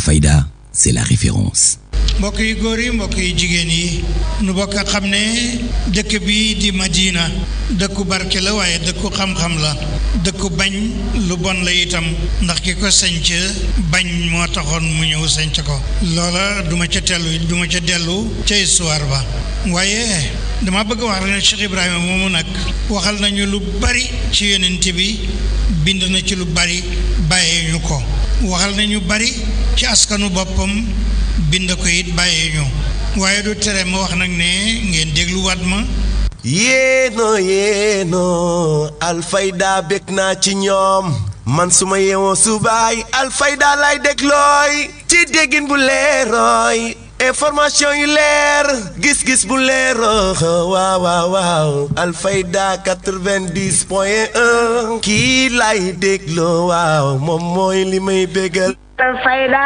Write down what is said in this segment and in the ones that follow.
Alfayda c'est la référence. mbokk gori góor yi mbokk yu jigéen yi nu bokk xam ne dëkk bi di Madina dëkku barke la waaye dëkku xam-xam la dëkku bañ lu bon la itam ndax ki ko sanc bañ moo taxoon mu ñëw sanc ko loola duma ca tellu duma ca dellu ca histoire ba waaye dama bëgg wax ne Cheikh Ibrahima moomu nag waxal nañu lu bari ci yonent bi bind na ci lu bari bàyyee ko waxal nañu bari ci askanu boppam bind ko it bàyyee waaye du tere ma wax nag ne ngeen dégluwaat ma yéenoo yéenoo alfayda bég naa ci ñoom man su ma yeewoo subaay alfayda lay déglooy ci déggin bu leerooy information y leer gis-gis bu leer uh-huh, waaw waaw waaw Alfayda 90 point 1 kii lay dégloo waaw moom mooy li may bégal. Alfayda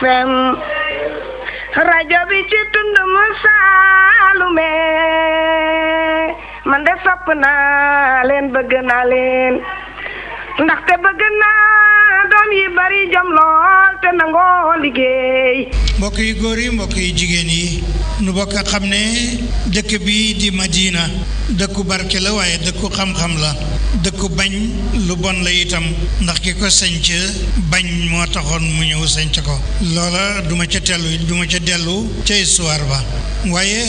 FM rajo bi ci tund mu Saalume man de sopp naa leen bëgg naa leen bari mbokk yu góor yi mbokk yi jigéen yi nu bokk xam ne dëkk bi di Madina dëkku barke la waaye dëkku xam-xam la dëkku bañ lu bon la itam ndax ki ko sanc bañ moo taxoon mu ñëw sanc ko loola duma ca tellu duma ca dellu ca histoire ba waaye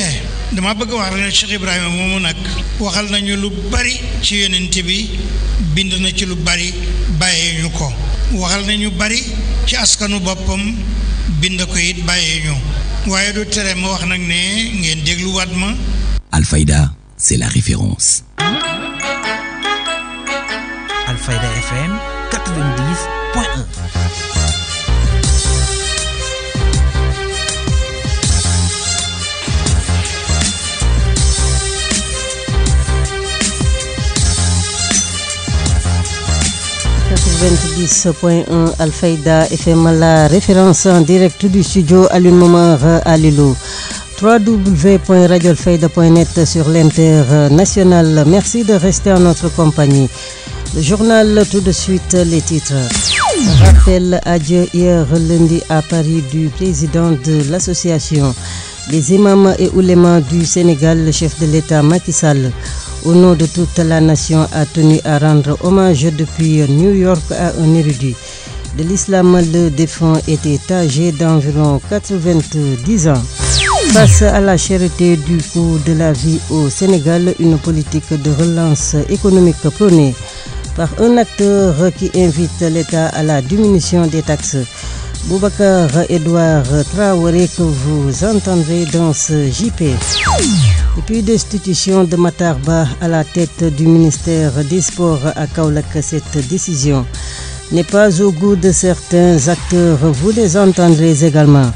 dama bëgg wax ne Cheikh Ibrahima moomu nag waxal nañu lu bari ci yonent bi bind na ci lu bari bàyyee ñu ko waxal nañu bari ci askanu boppam bind ko it bàyyee ñu waaye du tere ma wax nag ne ngeen déglu wat ma. Alfayda c'est la référence. Alfayda FM 90.1. 90.1 Alfaïda FM la référence en direct du studio moment Momar Alilou www.radioalfaida.net sur l'international. Merci de rester en notre compagnie. Le journal, tout de suite, les titres. Rappel adieu hier lundi à Paris du président de l'association des imams et oulémas du Sénégal, le chef de l'État Macky Sall au nom de toute la nation, a tenu à rendre hommage depuis New York à un érudit de l'islam. Le défunt était âgé d'environ 90 ans. Face à la charité du coût de la vie au Sénégal, une politique de relance économique prônée par un acteur qui invite l'État à la diminution des taxes. Boubacar Edouard Traoré que vous entendrez dans ce JP. Depuis puis de Matarba à la tête du ministère des Sports à Kaulak. Cette décision n'est pas au goût de certains acteurs. Vous les entendrez également.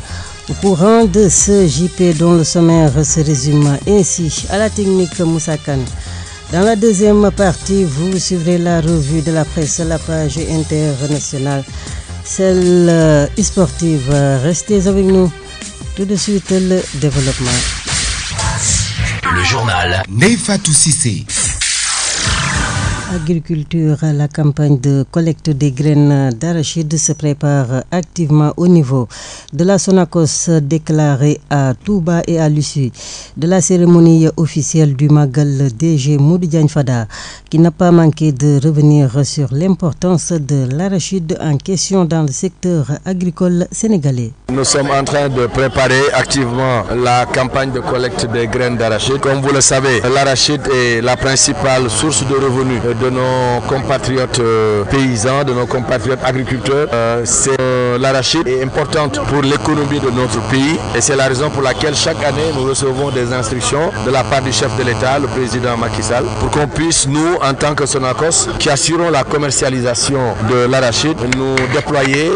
Au courant de ce JP dont le sommaire se résume ainsi à la technique Moussakan. Dans la deuxième partie, vous suivrez la revue de la presse, la page internationale, celle euh, sportive Restez avec nous. Tout de suite, le développement. Le journal Nefa Toussissé. L'agriculture, la campagne de collecte des graines d'arachide se prépare activement au niveau de la Sonacos déclarée à Touba et à Lussi, de la cérémonie officielle du Magal DG Moudou Fada qui n'a pas manqué de revenir sur l'importance de l'arachide en question dans le secteur agricole sénégalais. Nous sommes en train de préparer activement la campagne de collecte des graines d'arachide. Comme vous le savez, l'arachide est la principale source de revenus de nos compatriotes euh, paysans, de nos compatriotes agriculteurs. Euh, c'est euh, l'arachide est importante pour l'économie de notre pays et c'est la raison pour laquelle chaque année nous recevons des instructions de la part du chef de l'État, le président Macky Sall, pour qu'on puisse nous, en tant que Sonacos, qui assurons la commercialisation de l'arachide, nous déployer,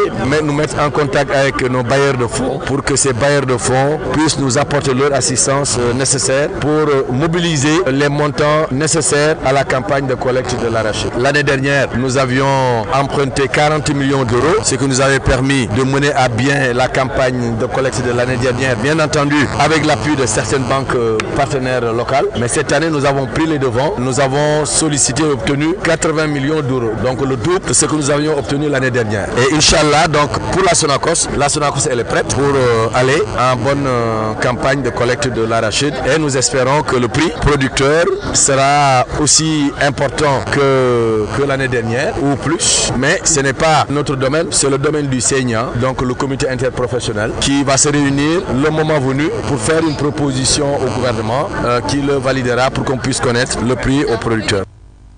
nous mettre en contact avec nos bailleurs de fonds pour que ces bailleurs de fonds puissent nous apporter leur assistance nécessaire pour mobiliser les montants nécessaires à la campagne de collecte de l'arachide. L'année dernière, nous avions emprunté 40 millions d'euros, ce qui nous avait permis de mener à bien la campagne de collecte de l'année dernière, bien entendu avec l'appui de certaines banques euh, partenaires locales. Mais cette année, nous avons pris les devants. Nous avons sollicité et obtenu 80 millions d'euros, donc le double de ce que nous avions obtenu l'année dernière. Et Inch'Allah, donc pour la Sonacos, la Sonacos elle est prête pour euh, aller en bonne euh, campagne de collecte de l'arachide et nous espérons que le prix producteur sera aussi important que, l'année dernière ou plus, mais ce n'est pas notre domaine, c'est le domaine du Seigneur, donc le comité interprofessionnel, qui va se réunir le moment venu pour faire une proposition au gouvernement euh, qui le validera pour qu'on puisse connaître le prix aux producteurs.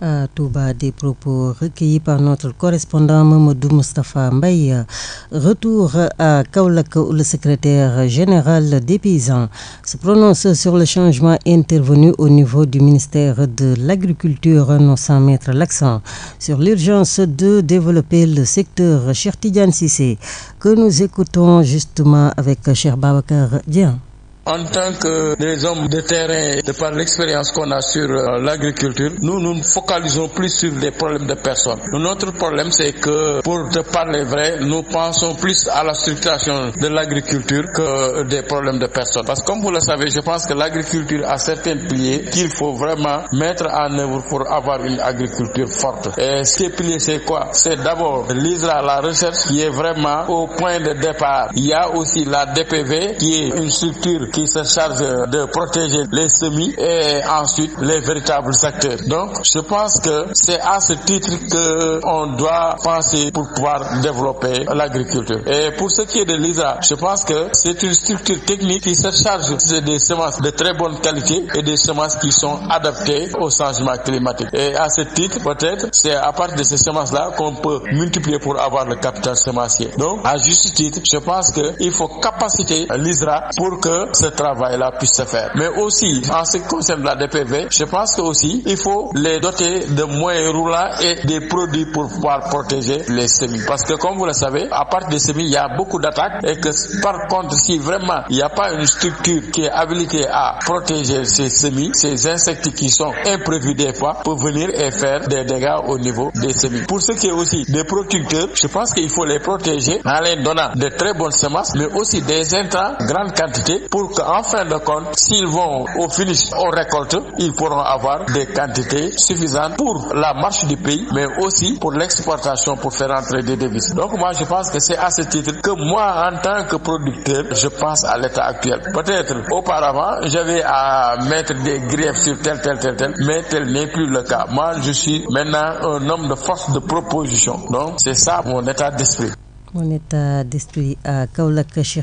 Euh, à Touba des propos recueillis par notre correspondant Mamadou Mustapha Mbaye. Retour à Kaulak où le secrétaire général des paysans se prononce sur le changement intervenu au niveau du ministère de l'Agriculture, sans mettre l'accent sur l'urgence de développer le secteur Chertidian Sissé, que nous écoutons justement avec Cher Babacar Dien. En tant que des hommes de terrain, de par l'expérience qu'on a sur euh, l'agriculture, nous nous focalisons plus sur des problèmes de personnes. Notre problème, c'est que, pour te parler vrai, nous pensons plus à la structuration de l'agriculture que euh, des problèmes de personnes. Parce que, comme vous le savez, je pense que l'agriculture a certains piliers qu'il faut vraiment mettre en œuvre pour avoir une agriculture forte. Et ces piliers, c'est quoi C'est d'abord l'ISRA, la recherche, qui est vraiment au point de départ. Il y a aussi la DPV, qui est une structure qui se charge de protéger les semis et ensuite les véritables acteurs. Donc, je pense que c'est à ce titre que on doit penser pour pouvoir développer l'agriculture. Et pour ce qui est de l'ISRA, je pense que c'est une structure technique qui se charge des semences de très bonne qualité et des semences qui sont adaptées au changement climatique. Et à ce titre, peut-être, c'est à partir de ces semences-là qu'on peut multiplier pour avoir le capital semencier. Donc, à juste titre, je pense qu'il faut capaciter l'ISRA pour que ce travail-là puisse se faire. Mais aussi, en ce qui concerne la DPV, je pense que aussi, il faut les doter de moyens roulants et des produits pour pouvoir protéger les semis. Parce que comme vous le savez, à part des semis, il y a beaucoup d'attaques et que par contre, si vraiment il n'y a pas une structure qui est habilitée à protéger ces semis, ces insectes qui sont imprévus des fois, peuvent venir et faire des dégâts au niveau des semis. Pour ce qui est aussi des producteurs, je pense qu'il faut les protéger en les donnant de très bonnes semences, mais aussi des intrants, grande quantité pour qu'en fin de compte, s'ils vont au finish, aux récoltes, ils pourront avoir des quantités suffisantes pour la marche du pays, mais aussi pour l'exportation, pour faire entrer des devises. Donc moi, je pense que c'est à ce titre que moi, en tant que producteur, je pense à l'état actuel. Peut-être auparavant, j'avais à mettre des griefs sur tel, tel, tel, tel, mais tel n'est plus le cas. Moi, je suis maintenant un homme de force de proposition. Donc, c'est ça mon état d'esprit. Mon état d'esprit à Kaulak si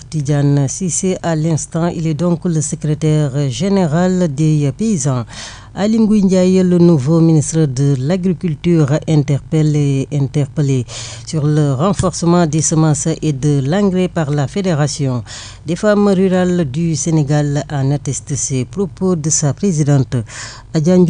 Sissé, à l'instant, il est donc le secrétaire général des paysans. Alin le nouveau ministre de l'Agriculture, interpelle et interpellé sur le renforcement des semences et de l'engrais par la Fédération des femmes rurales du Sénégal en atteste ses propos de sa présidente, Adjan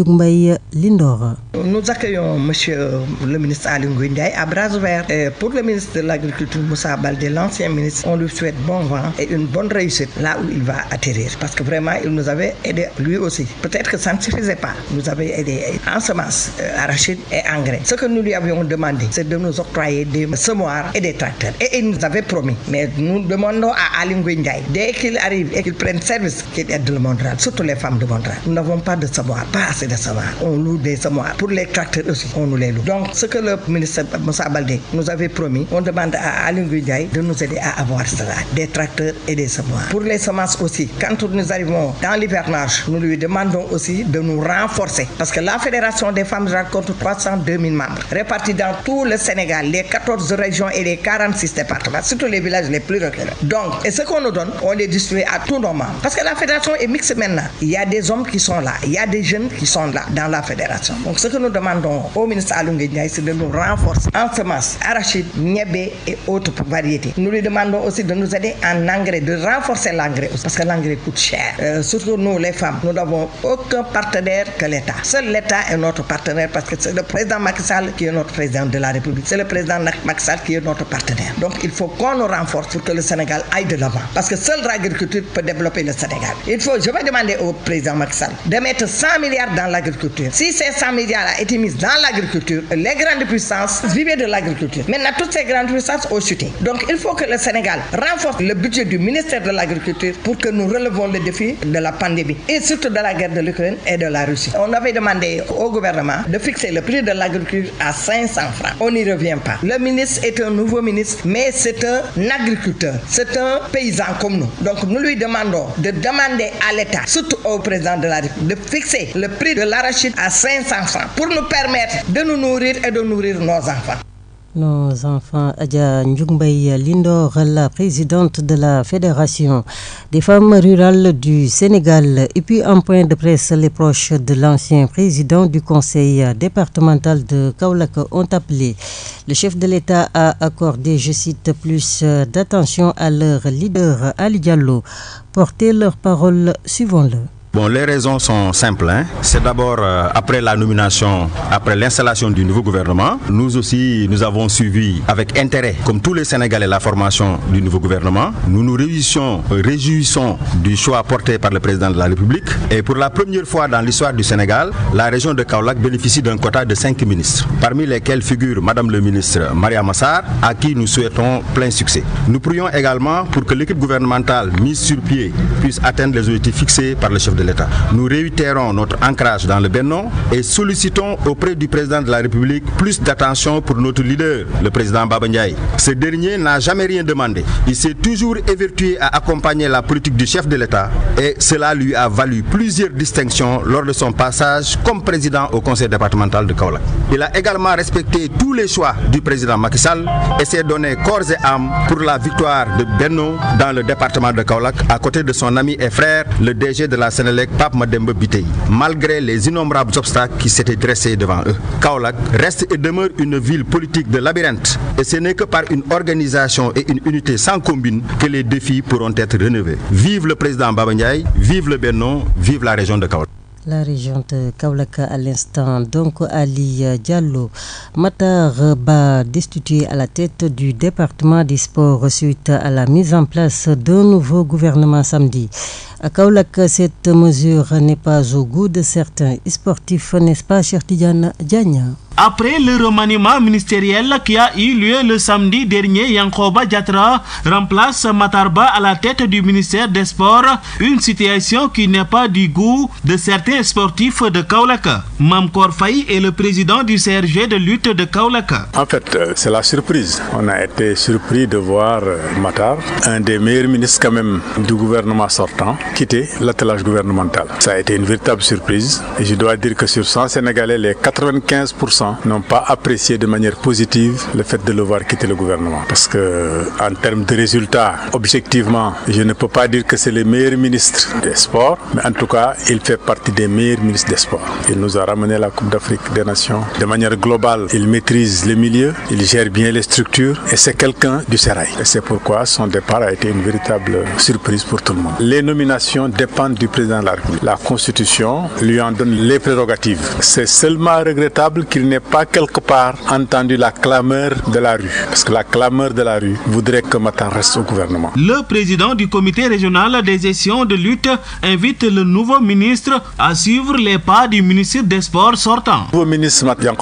Lindor. Nous accueillons Monsieur euh, le ministre Alin Ndiaye à bras ouverts. pour le ministre de l'Agriculture, Moussa Baldé, l'ancien ministre, on lui souhaite bon vent et une bonne réussite là où il va atterrir. Parce que vraiment, il nous avait aidé lui aussi. Peut-être que ça ne suffisait pas. Nous avait aidé en semences, euh, arachides et engrais. Ce que nous lui avions demandé, c'est de nous octroyer des semoirs et des tracteurs. Et il nous avait promis. Mais nous demandons à Alingou dès qu'il arrive et qu'il prenne service, qu'il aide le monde surtout les femmes de monde Nous n'avons pas de semoirs, pas assez de semoirs. On loue des semoirs. Pour les tracteurs aussi, on nous les loue. Donc, ce que le ministre Moussa Baldé nous avait promis, on demande à Alingou de nous aider à avoir cela, des tracteurs et des semoirs. Pour les semences aussi, quand nous arrivons dans l'hivernage, nous lui demandons aussi de nous Renforcer Parce que la Fédération des femmes rencontre 302 000 membres, répartis dans tout le Sénégal, les 14 régions et les 46 départements, surtout les villages les plus reculés. Donc, et ce qu'on nous donne, on les distribue à tous nos membres. Parce que la fédération est mixte maintenant. Il y a des hommes qui sont là, il y a des jeunes qui sont là dans la fédération. Donc, ce que nous demandons au ministre Alungé c'est de nous renforcer en semences, arachides, niébé et autres variétés. Nous lui demandons aussi de nous aider en engrais, de renforcer l'engrais parce que l'engrais coûte cher. Euh, surtout nous, les femmes, nous n'avons aucun partenaire que l'État. Seul l'État est notre partenaire parce que c'est le président Macky Sall qui est notre président de la République. C'est le président Macky Sall qui est notre partenaire. Donc il faut qu'on nous renforce pour que le Sénégal aille de l'avant. Parce que seule l'agriculture peut développer le Sénégal. Il faut, je vais demander au président Macky Sall de mettre 100 milliards dans l'agriculture. Si ces 100 milliards ont été mis dans l'agriculture, les grandes puissances vivaient de l'agriculture. Maintenant, toutes ces grandes puissances ont chuté. Donc il faut que le Sénégal renforce le budget du ministère de l'Agriculture pour que nous relevons le défi de la pandémie et surtout de la guerre de l'Ukraine et de la on avait demandé au gouvernement de fixer le prix de l'agriculture à 500 francs. On n'y revient pas. Le ministre est un nouveau ministre, mais c'est un agriculteur, c'est un paysan comme nous. Donc nous lui demandons de demander à l'État, surtout au président de la République, de fixer le prix de l'arachide à 500 francs pour nous permettre de nous nourrir et de nourrir nos enfants. Nos enfants, Adja Ndjungbaï Lindor, la présidente de la Fédération des femmes rurales du Sénégal, et puis en point de presse, les proches de l'ancien président du conseil départemental de Kaulak ont appelé. Le chef de l'État a accordé, je cite, plus d'attention à leur leader Ali Diallo. Portez leur parole, suivons-le. Bon, les raisons sont simples. Hein. C'est d'abord euh, après la nomination, après l'installation du nouveau gouvernement, nous aussi, nous avons suivi avec intérêt, comme tous les Sénégalais, la formation du nouveau gouvernement. Nous nous réjouissons, réjouissons du choix porté par le président de la République. Et pour la première fois dans l'histoire du Sénégal, la région de Kaolack bénéficie d'un quota de cinq ministres, parmi lesquels figure Madame le ministre Maria Massar, à qui nous souhaitons plein succès. Nous prions également pour que l'équipe gouvernementale mise sur pied puisse atteindre les objectifs fixés par le chef de nous réitérons notre ancrage dans le Bénin et sollicitons auprès du président de la République plus d'attention pour notre leader, le président Babanyaï. Ce dernier n'a jamais rien demandé. Il s'est toujours évertué à accompagner la politique du chef de l'État et cela lui a valu plusieurs distinctions lors de son passage comme président au conseil départemental de Kaolack. Il a également respecté tous les choix du président Macky Sall et s'est donné corps et âme pour la victoire de Benno dans le département de Kaolack à côté de son ami et frère, le DG de la Sénat Pape malgré les innombrables obstacles qui s'étaient dressés devant eux. Kaolack reste et demeure une ville politique de labyrinthe et ce n'est que par une organisation et une unité sans combine que les défis pourront être relevés. Vive le président Baba vive le Bénon, vive la région de Kaolack. La région de Kaolak à l'instant, donc Ali Diallo, Matar Ba destitué à la tête du département des sports suite à la mise en place d'un nouveau gouvernement samedi. À Kaulaka, cette mesure n'est pas au goût de certains sportifs, n'est-ce pas, cher Tidiane après le remaniement ministériel qui a eu lieu le samedi dernier, Yankoba Djatra remplace Matarba à la tête du ministère des Sports, une situation qui n'est pas du goût de certains sportifs de Kaulaka. Mamkor Faye est le président du CRG de lutte de Kaulaka. En fait, euh, c'est la surprise. On a été surpris de voir euh, Matar, un des meilleurs ministres quand même du gouvernement sortant, quitter l'attelage gouvernemental. Ça a été une véritable surprise et je dois dire que sur 100 Sénégalais, les 95% n'ont pas apprécié de manière positive le fait de le voir quitter le gouvernement. Parce que en termes de résultats, objectivement, je ne peux pas dire que c'est le meilleur ministre des Sports, mais en tout cas, il fait partie des meilleurs ministres des Sports. Il nous a ramené la Coupe d'Afrique des Nations. De manière globale, il maîtrise le milieu, il gère bien les structures et c'est quelqu'un du Serail. c'est pourquoi son départ a été une véritable surprise pour tout le monde. Les nominations dépendent du président de la République. La Constitution lui en donne les prérogatives. C'est seulement regrettable qu'il n'ait pas quelque part entendu la clameur de la rue, parce que la clameur de la rue voudrait que Matar reste au gouvernement. Le président du comité régional des gestions de lutte invite le nouveau ministre à suivre les pas du ministre des Sports sortant. Le nouveau ministre Matan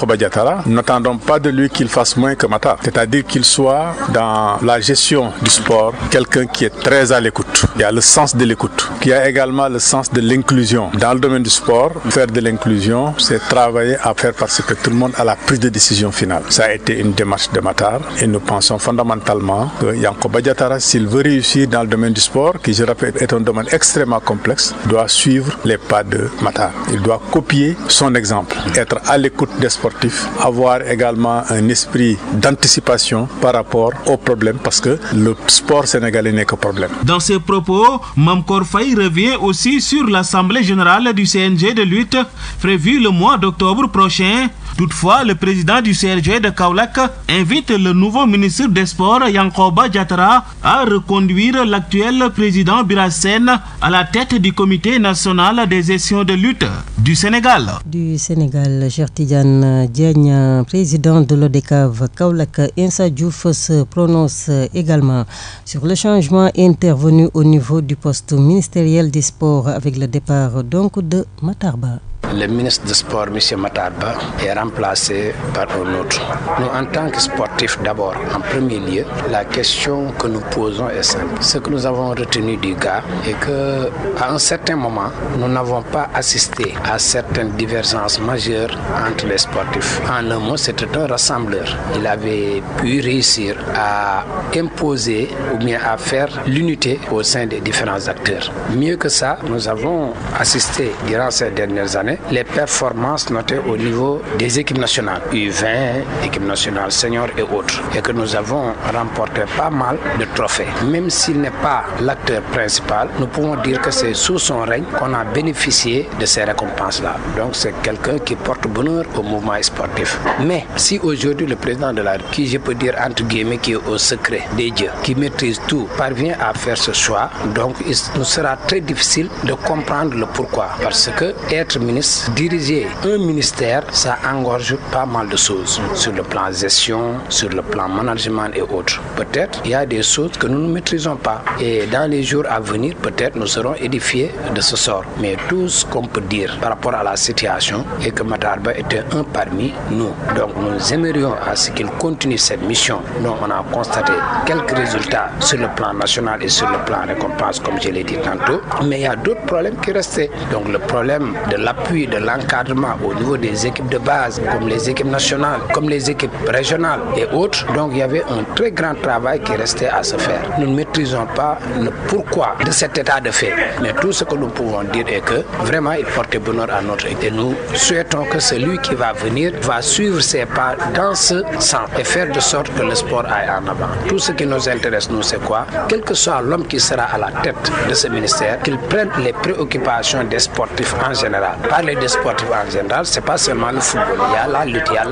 n'attendons pas de lui qu'il fasse moins que Matar, c'est-à-dire qu'il soit dans la gestion du sport quelqu'un qui est très à l'écoute, y a le sens de l'écoute qui a également le sens de l'inclusion. Dans le domaine du sport, faire de l'inclusion, c'est travailler à faire participer tout le monde à la prise de décision finale. Ça a été une démarche de Matar et nous pensons fondamentalement que Yanko Badiatara, s'il veut réussir dans le domaine du sport, qui je rappelle est un domaine extrêmement complexe, doit suivre les pas de Matar. Il doit copier son exemple, être à l'écoute des sportifs, avoir également un esprit d'anticipation par rapport aux problèmes parce que le sport sénégalais n'est que problème. Dans ses propos, Mamkor il revient aussi sur l'Assemblée générale du CNG de lutte prévue le mois d'octobre prochain. Toutefois, le président du CRG de Kaulak invite le nouveau ministre des Sports, Yankoba Diatara, à reconduire l'actuel président Birassen à la tête du Comité national des gestions de lutte du Sénégal. Du Sénégal, Tidiane Diagne, président de l'ODECAV Kaulak, Insa Diouf se prononce également sur le changement intervenu au niveau du poste ministériel des Sports avec le départ donc de Matarba le ministre de Sport, M. Matarba, est remplacé par un autre. Nous, en tant que sportifs, d'abord, en premier lieu, la question que nous posons est simple. Ce que nous avons retenu du gars est que, un certain moment, nous n'avons pas assisté à certaines divergences majeures entre les sportifs. En un mot, c'était un rassembleur. Il avait pu réussir à imposer ou bien à faire l'unité au sein des différents acteurs. Mieux que ça, nous avons assisté durant ces dernières années les performances notées au niveau des équipes nationales, U20, équipe nationales, seniors et autres, et que nous avons remporté pas mal de trophées. Même s'il n'est pas l'acteur principal, nous pouvons dire que c'est sous son règne qu'on a bénéficié de ces récompenses-là. Donc c'est quelqu'un qui porte bonheur au mouvement sportif. Mais si aujourd'hui le président de la qui je peux dire entre guillemets qui est au secret des dieux, qui maîtrise tout, parvient à faire ce choix, donc il nous sera très difficile de comprendre le pourquoi. Parce que être ministre diriger un ministère, ça engorge pas mal de choses sur le plan gestion, sur le plan management et autres. Peut-être il y a des choses que nous ne maîtrisons pas. Et dans les jours à venir, peut-être nous serons édifiés de ce sort. Mais tout ce qu'on peut dire par rapport à la situation est que Matarba était un parmi nous. Donc nous aimerions à ce qu'il continue cette mission. Nous, on a constaté quelques résultats sur le plan national et sur le plan récompense, comme je l'ai dit tantôt. Mais il y a d'autres problèmes qui restaient. Donc le problème de l'appui de l'encadrement au niveau des équipes de base, comme les équipes nationales, comme les équipes régionales et autres. Donc il y avait un très grand travail qui restait à se faire. Nous ne maîtrisons pas le pourquoi de cet état de fait. Mais tout ce que nous pouvons dire est que vraiment il portait bonheur à notre équipe. Et nous souhaitons que celui qui va venir va suivre ses pas dans ce sens et faire de sorte que le sport aille en avant. Tout ce qui nous intéresse, nous, c'est quoi Quel que soit l'homme qui sera à la tête de ce ministère, qu'il prenne les préoccupations des sportifs en général. Les des en général, c'est pas seulement le football. Il y a la lutte, il y a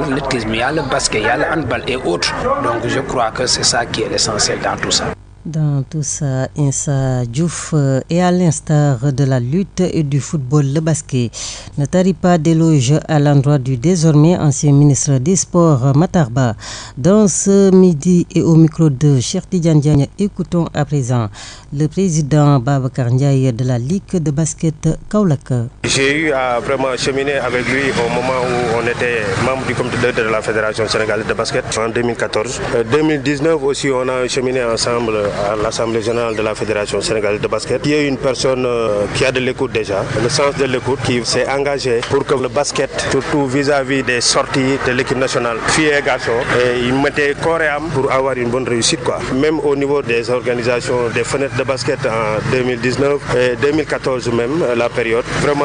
il y a le basket, il y a le handball et autres. Donc je crois que c'est ça qui est l'essentiel dans tout ça. Dans tout ça, Insa Diouf et euh, à l'instar de la lutte et du football, le basket ne tarit pas d'éloges à l'endroit du désormais ancien ministre des Sports Matarba. Dans ce midi et au micro de Cherti Diagne, écoutons à présent le président Bab Karniaï de la Ligue de basket Kaulak. J'ai eu à vraiment cheminer avec lui au moment où on était membre du comité de la Fédération sénégalaise de basket en 2014. 2019 euh, aussi, on a cheminé ensemble à l'Assemblée générale de la Fédération sénégalaise de basket, Il y a une personne euh, qui a de l'écoute déjà, le sens de l'écoute, qui s'est engagé pour que le basket, surtout vis-à-vis des sorties de l'équipe nationale, fille et et il mettait corps et âme pour avoir une bonne réussite. Quoi. Même au niveau des organisations des fenêtres de basket en 2019 et 2014 même, euh, la période, vraiment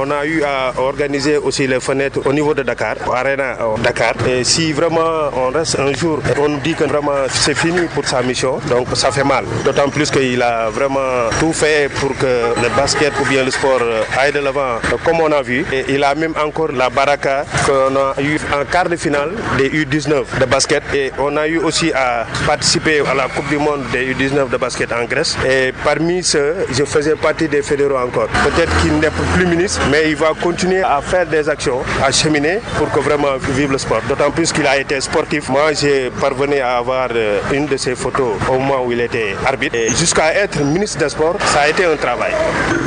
on a eu à organiser aussi les fenêtres au niveau de Dakar, Arena euh, Dakar. Et si vraiment on reste un jour, on dit que vraiment c'est fini pour sa mission, donc ça fait mal. D'autant plus qu'il a vraiment tout fait pour que le basket ou bien le sport euh, aille de l'avant, comme on a vu. Et il a même encore la baraka qu'on a eu en quart de finale des U19 de basket. Et on a eu aussi à participer à la Coupe du Monde des U19 de basket en Grèce. Et parmi ceux, je faisais partie des fédéraux encore. Peut-être qu'il n'est plus ministre, mais il va continuer à faire des actions, à cheminer pour que vraiment vive le sport. D'autant plus qu'il a été sportif. Moi, j'ai parvenu à avoir euh, une de ses photos au moment où il il était arbitre. jusqu'à être ministre des Sports, ça a été un travail.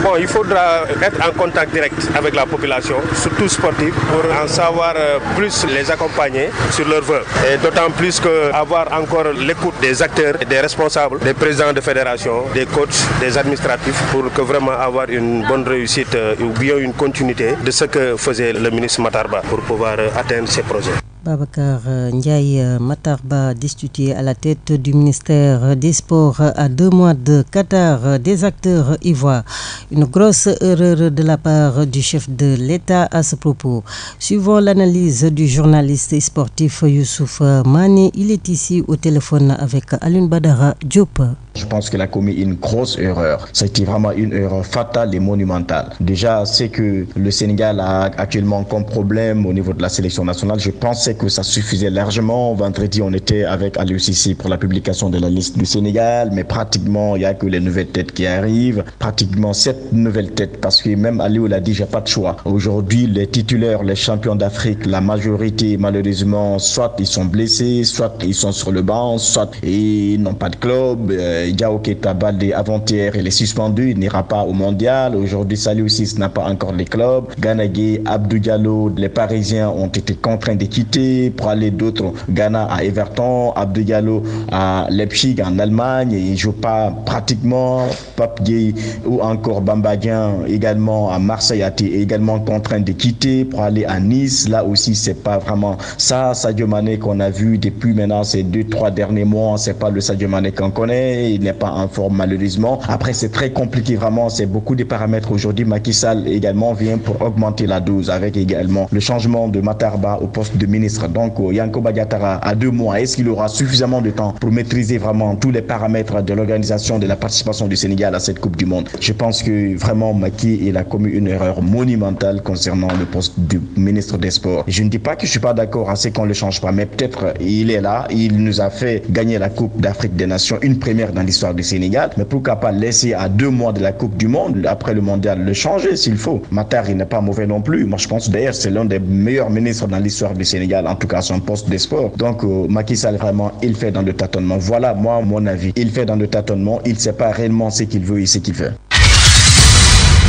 Bon, il faudra être en contact direct avec la population, surtout sportive, pour en savoir euh, plus les accompagner sur leurs vœux. Et d'autant plus qu'avoir encore l'écoute des acteurs, des responsables, des présidents de fédération, des coachs, des administratifs, pour que vraiment avoir une bonne réussite euh, ou bien une continuité de ce que faisait le ministre Matarba pour pouvoir euh, atteindre ses projets. Babacar euh, Ndiaye euh, Matarba, destitué à la tête du ministère des Sports à deux mois de Qatar euh, des acteurs ivoiriens. Une grosse erreur de la part du chef de l'État à ce propos. Suivant l'analyse du journaliste sportif Youssouf Mani, il est ici au téléphone avec Alun Badara Diop. Je pense qu'elle a commis une grosse erreur. C'était vraiment une erreur fatale et monumentale. Déjà, c'est que le Sénégal a actuellement comme problème au niveau de la sélection nationale. Je pensais que ça suffisait largement. Vendredi, on était avec Sissi pour la publication de la liste du Sénégal, mais pratiquement, il n'y a que les nouvelles têtes qui arrivent. Pratiquement sept nouvelles têtes, parce que même Aliou l'a dit, j'ai pas de choix. Aujourd'hui, les titulaires, les champions d'Afrique, la majorité, malheureusement, soit ils sont blessés, soit ils sont sur le banc, soit ils n'ont pas de club. Euh, euh, Jao avant-hier, il est suspendu, il n'ira pas au mondial. Aujourd'hui, aussi, ce n'a pas encore les clubs. Ganagé, Abdou Diallo, les Parisiens ont été contraints de quitter pour aller d'autres. Ghana à Everton, Abdou Diallo à Leipzig en Allemagne. Il ne joue pas pratiquement. Pop Gay ou encore Bambadien également à Marseille a été également contraint de quitter pour aller à Nice. Là aussi, c'est pas vraiment ça. Sadio Mané qu'on a vu depuis maintenant ces deux, trois derniers mois, c'est pas le Sadio Mané qu'on connaît il n'est pas en forme malheureusement. Après, c'est très compliqué vraiment, c'est beaucoup de paramètres aujourd'hui. Macky Sall également vient pour augmenter la dose avec également le changement de Matarba au poste de ministre. Donc, euh, Yanko Bagatara à deux mois, est-ce qu'il aura suffisamment de temps pour maîtriser vraiment tous les paramètres de l'organisation de la participation du Sénégal à cette Coupe du Monde Je pense que vraiment Macky, il a commis une erreur monumentale concernant le poste du ministre des Sports. Je ne dis pas que je suis pas d'accord à ce qu'on ne le change pas, mais peut-être euh, il est là, il nous a fait gagner la Coupe d'Afrique des Nations, une première l'histoire du Sénégal. Mais pourquoi pas laisser à deux mois de la Coupe du Monde, après le mondial, le changer s'il faut. Matar, il n'est pas mauvais non plus. Moi, je pense d'ailleurs, c'est l'un des meilleurs ministres dans l'histoire du Sénégal, en tout cas son poste de sport. Donc, euh, Macky Sall, vraiment, il fait dans le tâtonnement. Voilà, moi, mon avis. Il fait dans le tâtonnement. Il ne sait pas réellement ce qu'il veut et ce qu'il fait.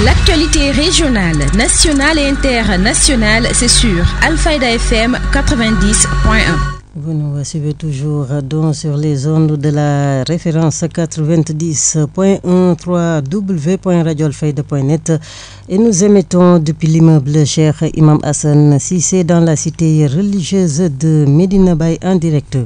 L'actualité régionale, nationale et internationale, c'est sur Alpha FM 90.1. Vous nous suivez toujours sur les ondes de la référence 90.13 www.radiolfeide.net et nous émettons depuis l'immeuble cher Imam Hassan c'est dans la cité religieuse de Medina Bay en direct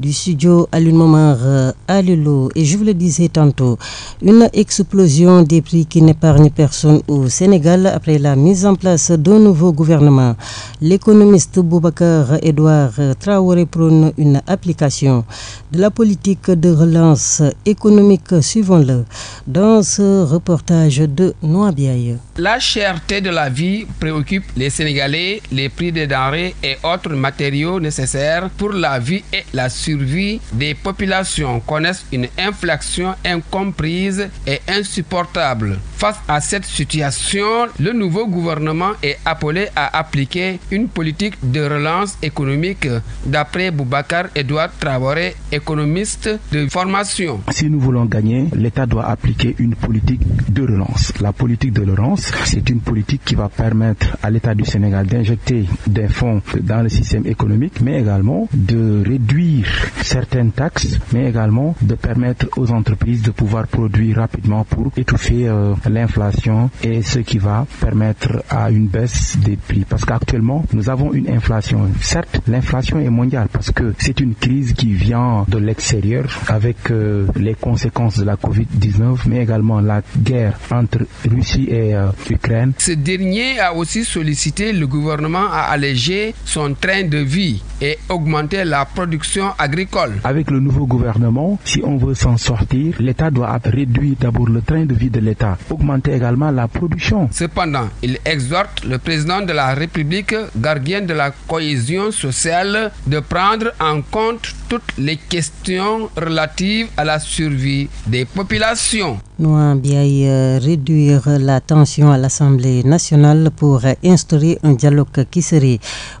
du studio moment euh, à Et je vous le disais tantôt, une explosion des prix qui n'épargne personne au Sénégal après la mise en place d'un nouveau gouvernement. L'économiste Boubacar Edouard Traoré prône une application de la politique de relance économique, suivant le dans ce reportage de Noabiaye. La cherté de la vie préoccupe les Sénégalais, les prix des denrées et autres matériaux nécessaires pour la vie et la survie survie des populations connaissent une inflation incomprise et insupportable. Face à cette situation, le nouveau gouvernement est appelé à appliquer une politique de relance économique d'après Boubacar Edouard Traoré, économiste de formation. Si nous voulons gagner, l'État doit appliquer une politique de relance. La politique de relance, c'est une politique qui va permettre à l'État du Sénégal d'injecter des fonds dans le système économique, mais également de réduire certaines taxes, mais également de permettre aux entreprises de pouvoir produire rapidement pour étouffer euh, l'inflation et ce qui va permettre à une baisse des prix. Parce qu'actuellement, nous avons une inflation. Certes, l'inflation est mondiale parce que c'est une crise qui vient de l'extérieur avec euh, les conséquences de la COVID-19, mais également la guerre entre Russie et euh, Ukraine. Ce dernier a aussi sollicité le gouvernement à alléger son train de vie et augmenter la production agricole agricole. Avec le nouveau gouvernement, si on veut s'en sortir, l'État doit réduire d'abord le train de vie de l'État, augmenter également la production. Cependant, il exhorte le président de la République, gardien de la cohésion sociale, de prendre en compte toutes les questions relatives à la survie des populations. Nous bien euh, réduire la tension à l'Assemblée nationale pour instaurer un dialogue qui serait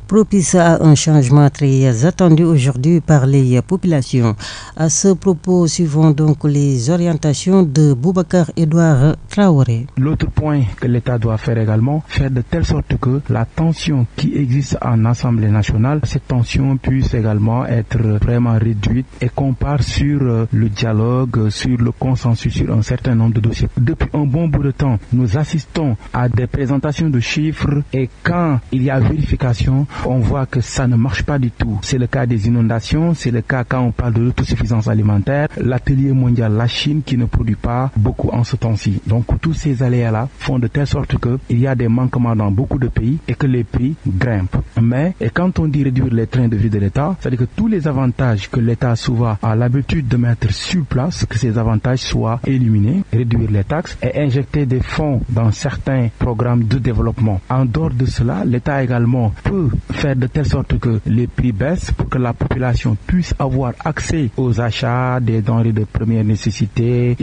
propice à un changement très attendu aujourd'hui par les populations. À ce propos, suivons donc les orientations de Boubacar Edouard Traoré. L'autre point que l'État doit faire également, faire de telle sorte que la tension qui existe en Assemblée nationale, cette tension puisse également être vraiment réduite et qu'on part sur euh, le dialogue, sur le consensus sur un certain nombre de dossiers. Depuis un bon bout de temps, nous assistons à des présentations de chiffres et quand il y a vérification, on voit que ça ne marche pas du tout. C'est le cas des inondations, c'est le cas quand on parle de l'autosuffisance alimentaire, l'atelier mondial, la Chine qui ne produit pas beaucoup en ce temps-ci. Donc tous ces aléas-là font de telle sorte qu'il y a des manquements dans beaucoup de pays et que les prix grimpent. Mais et quand on dit réduire les trains de vie de l'État, c'est-à-dire que tous les avantages que l'État souvent a l'habitude de mettre sur place, que ces avantages soient éliminés, réduire les taxes et injecter des fonds dans certains programmes de développement. En dehors de cela, l'État également peut faire de telle sorte que les prix baissent pour que la population puissent avoir accès aux achats des denrées de première nécessité.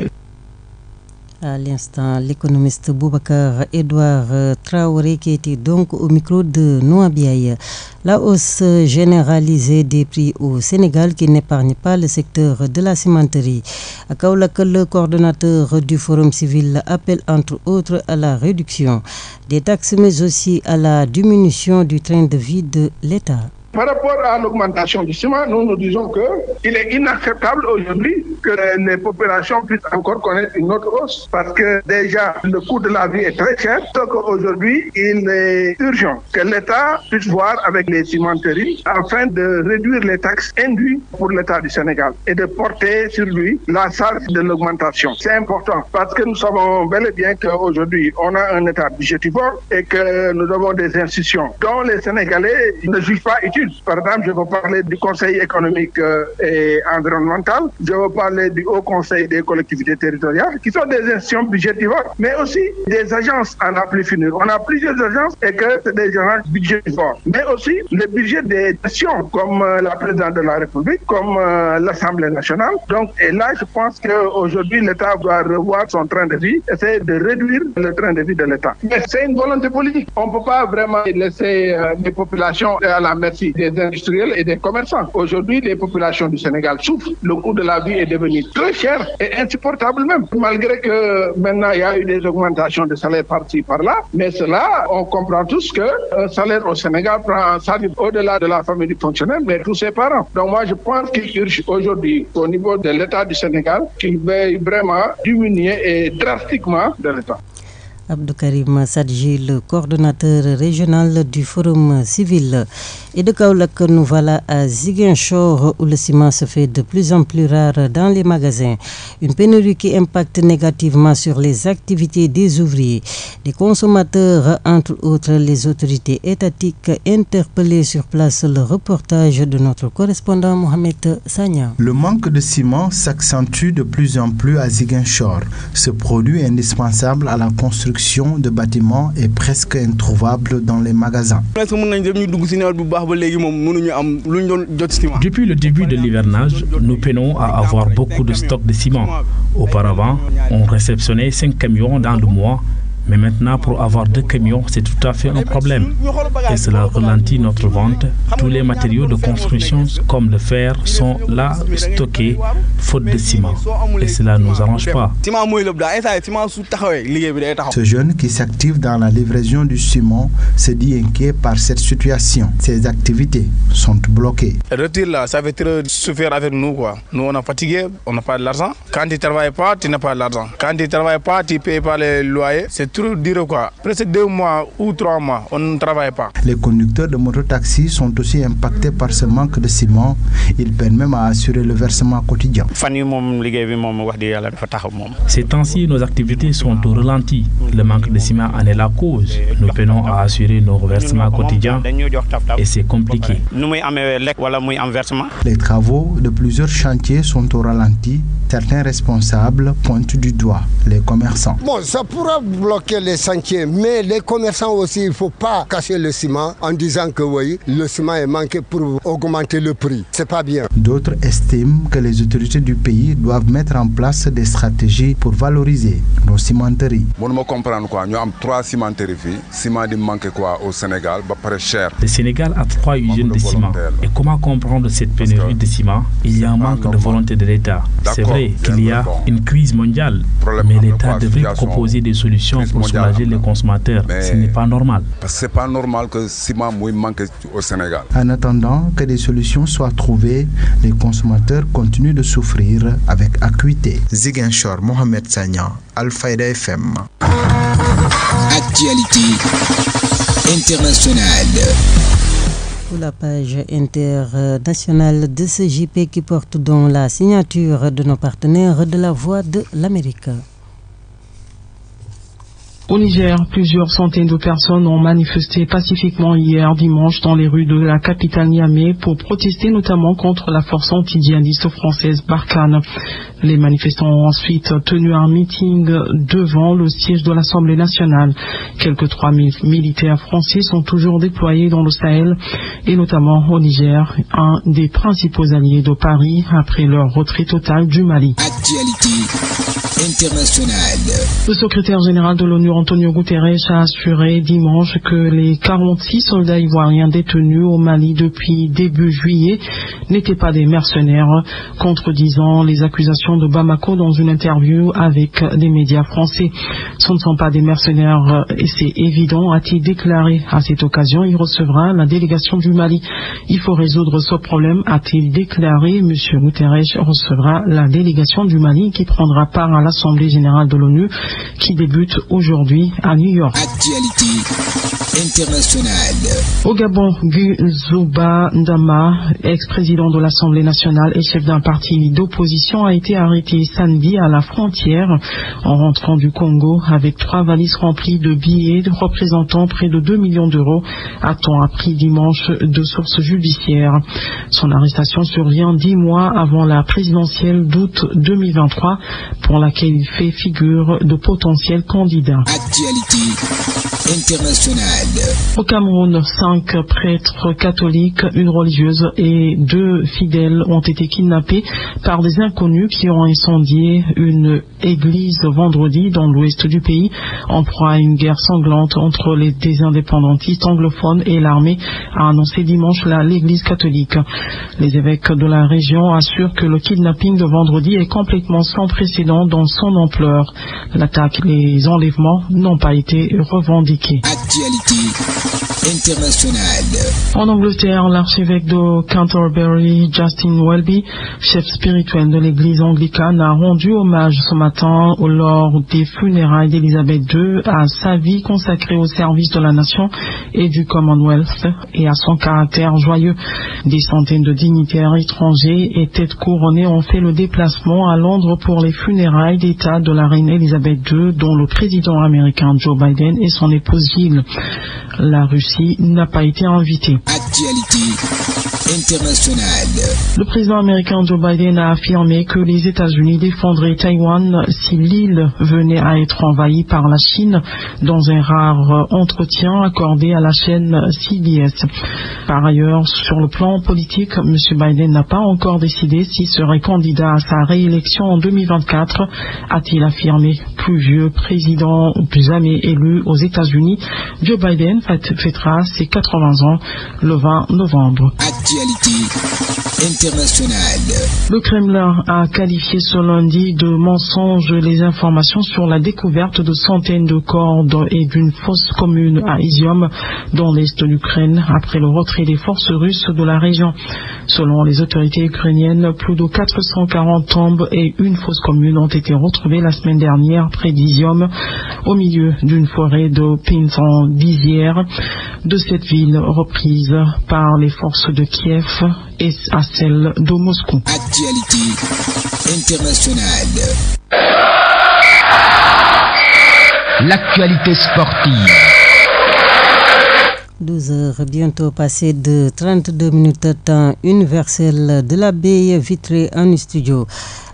À l'instant, l'économiste Boubacar Edouard euh, Traoré qui était donc au micro de Noabiaï. La hausse généralisée des prix au Sénégal qui n'épargne pas le secteur de la cimenterie. À que le coordonnateur du Forum civil appelle entre autres à la réduction des taxes mais aussi à la diminution du train de vie de l'État. Par rapport à l'augmentation du ciment, nous nous disons qu'il est inacceptable aujourd'hui que les populations puissent encore connaître une autre hausse parce que déjà le coût de la vie est très cher. Donc aujourd'hui, il est urgent que l'État puisse voir avec les cimenteries afin de réduire les taxes induites pour l'État du Sénégal et de porter sur lui la charge de l'augmentation. C'est important parce que nous savons bel et bien qu'aujourd'hui, on a un État budgétivore et que nous avons des institutions dont les Sénégalais ne jugent pas par exemple, je veux parler du Conseil économique euh, et environnemental, je veux parler du Haut Conseil des collectivités territoriales, qui sont des institutions budgétivores, mais aussi des agences en appli finir. On a plusieurs agences et que c'est des agences budgétivores, mais aussi le budget des nations, comme euh, la présidente de la République, comme euh, l'Assemblée nationale. Donc, et là, je pense qu'aujourd'hui, l'État doit revoir son train de vie, essayer de réduire le train de vie de l'État. Mais c'est une volonté politique. On ne peut pas vraiment laisser les populations à la merci des industriels et des commerçants. Aujourd'hui, les populations du Sénégal souffrent. Le coût de la vie est devenu très cher et insupportable même. Malgré que maintenant il y a eu des augmentations de salaire par par-là, mais cela, on comprend tous que un salaire au Sénégal prend un salaire au-delà de la famille du fonctionnaire, mais tous ses parents. Donc moi, je pense qu'il urge aujourd'hui, au niveau de l'État du Sénégal, qu'il veille vraiment diminuer et drastiquement de l'État. Abdoukarim Sadji, le coordonnateur régional du Forum civil. Et de Kaulak, nous voilà à Ziguinchor, où le ciment se fait de plus en plus rare dans les magasins. Une pénurie qui impacte négativement sur les activités des ouvriers, des consommateurs, entre autres les autorités étatiques interpellées sur place. Le reportage de notre correspondant Mohamed Sanya. Le manque de ciment s'accentue de plus en plus à Ziguinchor. Ce produit est indispensable à la construction de bâtiments est presque introuvable dans les magasins. Depuis le début de l'hivernage, nous peinons à avoir beaucoup de stocks de ciment. Auparavant, on réceptionnait 5 camions dans le mois mais maintenant, pour avoir deux camions, c'est tout à fait un problème. Et cela ralentit notre vente. Tous les matériaux de construction, comme le fer, sont là stockés, faute de ciment. Et cela ne nous arrange pas. Ce jeune qui s'active dans la livraison du ciment se dit inquiet par cette situation. Ses activités sont bloquées. Retire là, ça veut dire souffrir avec nous. Quoi. Nous, on est fatigué, on n'a pas de l'argent. Quand tu ne travailles pas, tu n'as pas de l'argent. Quand tu ne travailles pas, tu payes pas les loyers. C'est trop quoi. deux mois ou trois mois, on ne travaille pas. Les conducteurs de mototaxis sont aussi impactés par ce manque de ciment. Ils peinent même à assurer le versement quotidien. Ces temps-ci, nos activités sont au ralenti. Le manque de ciment en est la cause. Nous peinons à assurer nos versements quotidiens et c'est compliqué. Les travaux de plusieurs chantiers sont au ralenti. Certains responsables pointent du doigt les commerçants. Bon, ça pourra bloquer que les sentiers. Mais les commerçants aussi, il ne faut pas cacher le ciment en disant que oui, le ciment est manqué pour augmenter le prix. C'est pas bien. D'autres estiment que les autorités du pays doivent mettre en place des stratégies pour valoriser nos cimenteries. Bon, me comprendre quoi. Nous avons trois cimenteries. Ciment manque quoi au Sénégal, bah, très cher. Le Sénégal a trois usines de ciment. Et comment comprendre cette pénurie de ciment Il y a un manque de volonté de l'État. C'est vrai qu'il y a une crise mondiale, mais l'État devrait proposer des solutions ...pour les consommateurs. ce n'est pas normal. ce n'est pas normal que ciment mouille manque au Sénégal. En attendant que des solutions soient trouvées, les consommateurs continuent de souffrir avec acuité. Ziguinchor Mohamed Sagnan, Al-Faïda FM. Actualité internationale. Pour la page internationale de ce JP qui porte dans la signature de nos partenaires de la Voix de l'Amérique. Au Niger, plusieurs centaines de personnes ont manifesté pacifiquement hier dimanche dans les rues de la capitale Niamey pour protester notamment contre la force anti-djihadiste française Barkhane. Les manifestants ont ensuite tenu un meeting devant le siège de l'Assemblée nationale. Quelques 3000 militaires français sont toujours déployés dans le Sahel et notamment au Niger, un des principaux alliés de Paris après leur retrait total du Mali. Le secrétaire général de l'ONU, Antonio Guterres, a assuré dimanche que les 46 soldats ivoiriens détenus au Mali depuis début juillet n'étaient pas des mercenaires, contredisant les accusations de Bamako dans une interview avec des médias français. Ce ne sont pas des mercenaires et c'est évident, a-t-il déclaré. À cette occasion, il recevra la délégation du Mali. Il faut résoudre ce problème, a-t-il déclaré. Monsieur Guterres recevra la délégation du Mali qui prendra part à la l'Assemblée générale de l'ONU qui débute aujourd'hui à New York. Au Gabon, Guzouba Ndama, ex-président de l'Assemblée nationale et chef d'un parti d'opposition, a été arrêté samedi à la frontière en rentrant du Congo avec trois valises remplies de billets représentant près de 2 millions d'euros, a-t-on appris dimanche de sources judiciaires. Son arrestation survient 10 mois avant la présidentielle d'août 2023 pour laquelle il fait figure de potentiel candidat. Actualité. Au Cameroun, cinq prêtres catholiques, une religieuse et deux fidèles ont été kidnappés par des inconnus qui ont incendié une église vendredi dans l'ouest du pays en proie à une guerre sanglante entre les désindépendantistes indépendantistes anglophones et l'armée, a annoncé dimanche l'église catholique. Les évêques de la région assurent que le kidnapping de vendredi est complètement sans précédent dans son ampleur. L'attaque les enlèvements n'ont pas été revendiqués. Actualité. internationale. En Angleterre, l'archevêque de Canterbury, Justin Welby, chef spirituel de l'église anglicane, a rendu hommage ce matin au lors des funérailles d'Elisabeth II à sa vie consacrée au service de la nation et du Commonwealth et à son caractère joyeux. Des centaines de dignitaires étrangers et têtes couronnées ont fait le déplacement à Londres pour les funérailles d'État de la reine Elisabeth II, dont le président américain Joe Biden et son épouse Jill. La Russie n'a pas été invité. Le président américain Joe Biden a affirmé que les États-Unis défendraient Taïwan si l'île venait à être envahie par la Chine dans un rare entretien accordé à la chaîne CBS. Par ailleurs, sur le plan politique, M. Biden n'a pas encore décidé s'il serait candidat à sa réélection en 2024, a-t-il affirmé. Plus vieux président ou plus jamais élu aux États-Unis, Joe Biden fêtera ses 80 ans le 20 novembre. actualité Le Kremlin a qualifié ce lundi de mensonge les informations sur la découverte de centaines de corps et d'une fosse commune à Izium dans l'est de l'Ukraine après le retrait des forces russes de la région. Selon les autorités ukrainiennes, plus de 440 tombes et une fosse commune ont été retrouvées la semaine dernière près d'Izium au milieu d'une forêt de en visière de cette ville reprise par les forces de Kiev et à celle de Moscou. Actualité internationale. L'actualité sportive. 12 heures bientôt passées de 32 minutes temps universel de la baie vitrée en studio.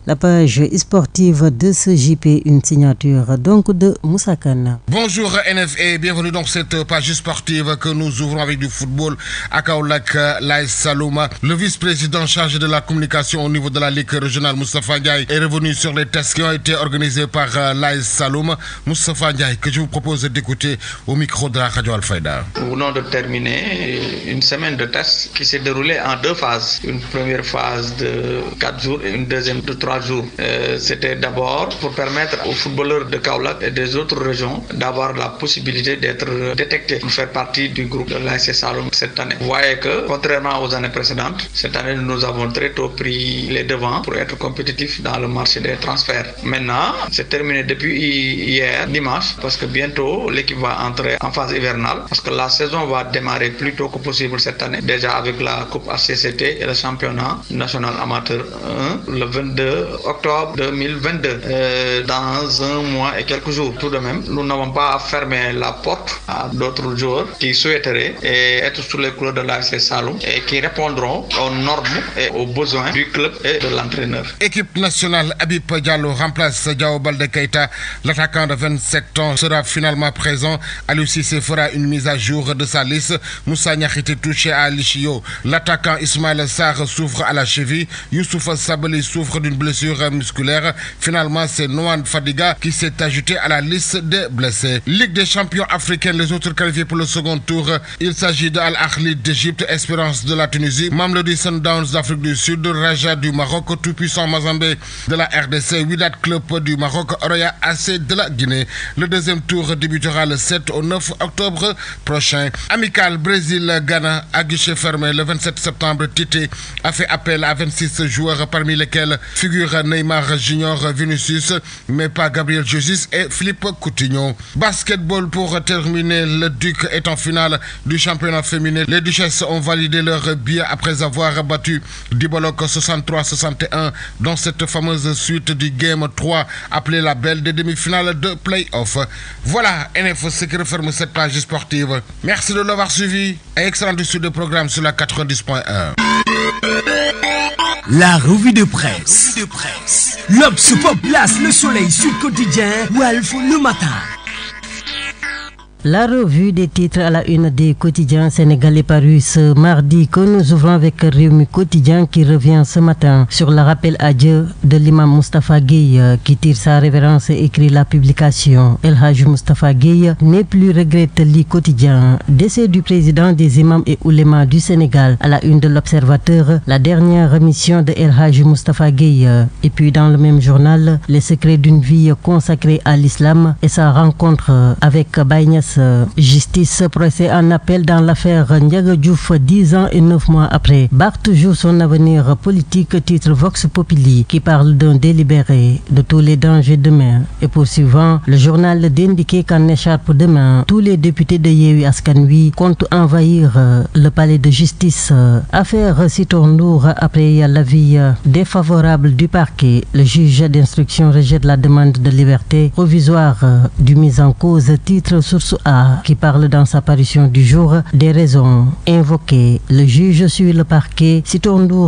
La page sportive de ce JP, une signature donc de Moussakana. Bonjour NF bienvenue dans cette page sportive que nous ouvrons avec du football à Kaolak Laïs Saloma. Le vice-président chargé de la communication au niveau de la Ligue régionale, Moustapha Ndiaye, est revenu sur les tests qui ont été organisés par euh, Laïs Saloma. Moustapha Ndiaye, que je vous propose d'écouter au micro de la radio Al-Faïda. Nous venons de terminer une semaine de tests qui s'est déroulée en deux phases. Une première phase de 4 jours et une deuxième de trois jour. Euh, c'était d'abord pour permettre aux footballeurs de Kaolack et des autres régions d'avoir la possibilité d'être détectés pour faire partie du groupe de l'ASC Salom cette année. Vous voyez que, contrairement aux années précédentes, cette année, nous avons très tôt pris les devants pour être compétitifs dans le marché des transferts. Maintenant, c'est terminé depuis hier, dimanche, parce que bientôt, l'équipe va entrer en phase hivernale, parce que la saison va démarrer plus tôt que possible cette année, déjà avec la Coupe ACCT et le championnat national amateur 1, le 22 euh, octobre 2022, euh, dans un mois et quelques jours tout de même. Nous n'avons pas fermé la porte à d'autres joueurs qui souhaiteraient euh, être sous les couleurs de l'AC Saloum et qui répondront aux normes et aux besoins du club et de l'entraîneur. Équipe nationale Habib Diallo remplace Diao de Keita. L'attaquant de 27 ans sera finalement présent. se fera une mise à jour de sa liste. Moussa était touché à Lichio. L'attaquant Ismaël Sarr souffre à la cheville. Youssouf Sabeli souffre d'une blessure Musculaire. musculaires. Finalement, c'est Noan Fadiga qui s'est ajouté à la liste des blessés. Ligue des champions africains, les autres qualifiés pour le second tour. Il s'agit d'Al Ahly d'Égypte, Espérance de la Tunisie, Mamelody Sundowns d'Afrique du Sud, Raja du Maroc, Tout-Puissant Mazambé de la RDC, Widat Club du Maroc, Roya AC de la Guinée. Le deuxième tour débutera le 7 au 9 octobre prochain. Amical Brésil-Ghana à guichet fermé le 27 septembre. Tite a fait appel à 26 joueurs parmi lesquels figure Neymar Junior Vinicius, mais pas Gabriel Jesus et Philippe Coutinho. Basketball pour terminer, le Duc est en finale du championnat féminin. Les Duchesses ont validé leur billet après avoir battu Diboloc 63-61 dans cette fameuse suite du Game 3 appelée la belle des demi-finales de Playoff. Voilà, NFC qui referme cette page sportive. Merci de l'avoir suivi excellent dessus de programme sur la 90.1. La revue de presse presse. place le soleil sur le quotidien, Welf le matin. La revue des titres à la une des quotidiens sénégalais paru ce mardi que nous ouvrons avec Réumi Quotidien qui revient ce matin sur le rappel à Dieu de l'imam Mustafa Gueye euh, qui tire sa révérence et écrit la publication. El Hajj Mustafa Gueye n'est plus regrette Li quotidien. Décès du président des imams et oulémas du Sénégal à la une de l'observateur, la dernière remission de El Hajj Mustafa Gueye. Et puis dans le même journal, les secrets d'une vie consacrée à l'islam et sa rencontre avec Baïnias euh, justice procès en appel dans l'affaire Ndiaga 10 ans et 9 mois après. Barre toujours son avenir politique, titre Vox Populi, qui parle d'un délibéré de tous les dangers demain. Et poursuivant, le journal d'indiquer qu'en écharpe demain, tous les députés de Yewi Askanui comptent envahir euh, le palais de justice. Affaire tournure après l'avis euh, défavorable du parquet. Le juge d'instruction rejette la demande de liberté provisoire du mis en cause, titre source qui parle dans sa parution du jour des raisons invoquées. Le juge suit le parquet, si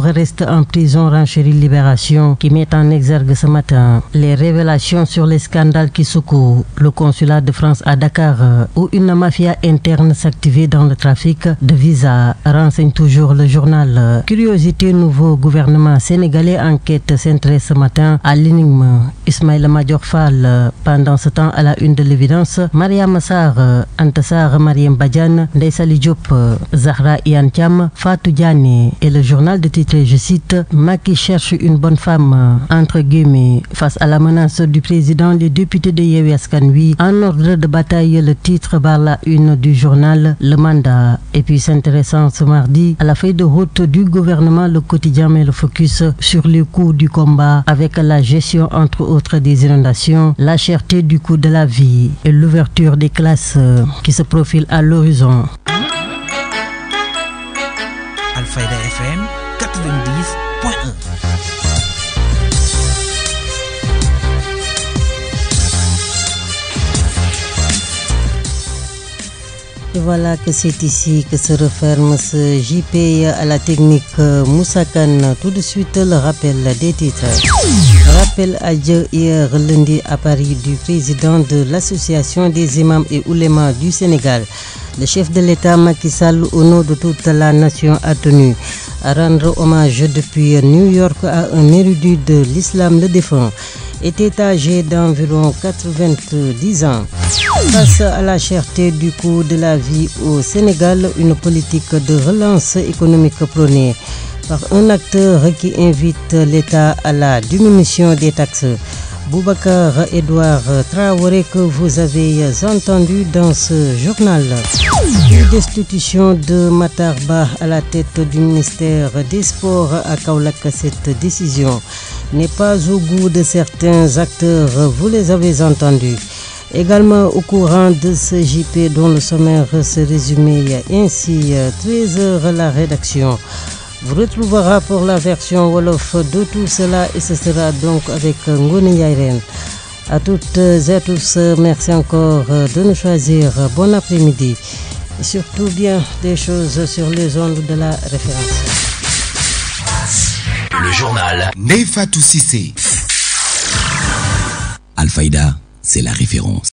reste en prison, renchérit Libération qui met en exergue ce matin les révélations sur les scandales qui secouent le consulat de France à Dakar où une mafia interne s'activait dans le trafic de visas, renseigne toujours le journal. Curiosité, nouveau gouvernement sénégalais enquête centrée ce matin à l'énigme. Ismaël Majorfal, pendant ce temps à la une de l'évidence, Maria Massar eh, Antassar Mariam Badian, eh, Zahra Iantiam, Fatou djani et le journal de titre, je cite, Maki cherche une bonne femme, eh, entre guillemets, face à la menace du président, les députés de Yewiaskanui, en ordre de bataille, le titre par la une du journal Le Mandat. Et puis s'intéressant ce mardi à la feuille de route du gouvernement, le quotidien met le focus sur le coût du combat avec la gestion entre autres des inondations, la cherté du coût de la vie et l'ouverture des classes qui se profile à l'horizon. Alpha FM 90.1 Et voilà que c'est ici que se referme ce JP à la technique euh, Moussakan. Tout de suite, le rappel des titres. Rappel à Dieu hier lundi à Paris du président de l'Association des imams et oulémas du Sénégal. Le chef de l'État Macky Sall, au nom de toute la nation, a tenu à rendre hommage depuis New York à un érudit de l'islam, le défunt était âgé d'environ 90 ans. Face à la cherté du coût de la vie au Sénégal, une politique de relance économique prônée par un acteur qui invite l'État à la diminution des taxes. Boubacar Edouard Traoré que vous avez entendu dans ce journal. La destitution de Matarba à la tête du ministère des Sports à Kaulak. Cette décision n'est pas au goût de certains acteurs, vous les avez entendus. Également au courant de ce JP dont le sommaire se résumait ainsi 13 heures la rédaction. Vous retrouvera pour la version Wolof de tout cela et ce sera donc avec Ngoni Yairen. À toutes et à tous, merci encore de nous choisir. Bon après-midi. Et surtout bien des choses sur les ondes de la référence. Le journal Nefa Toussissé. al c'est la référence.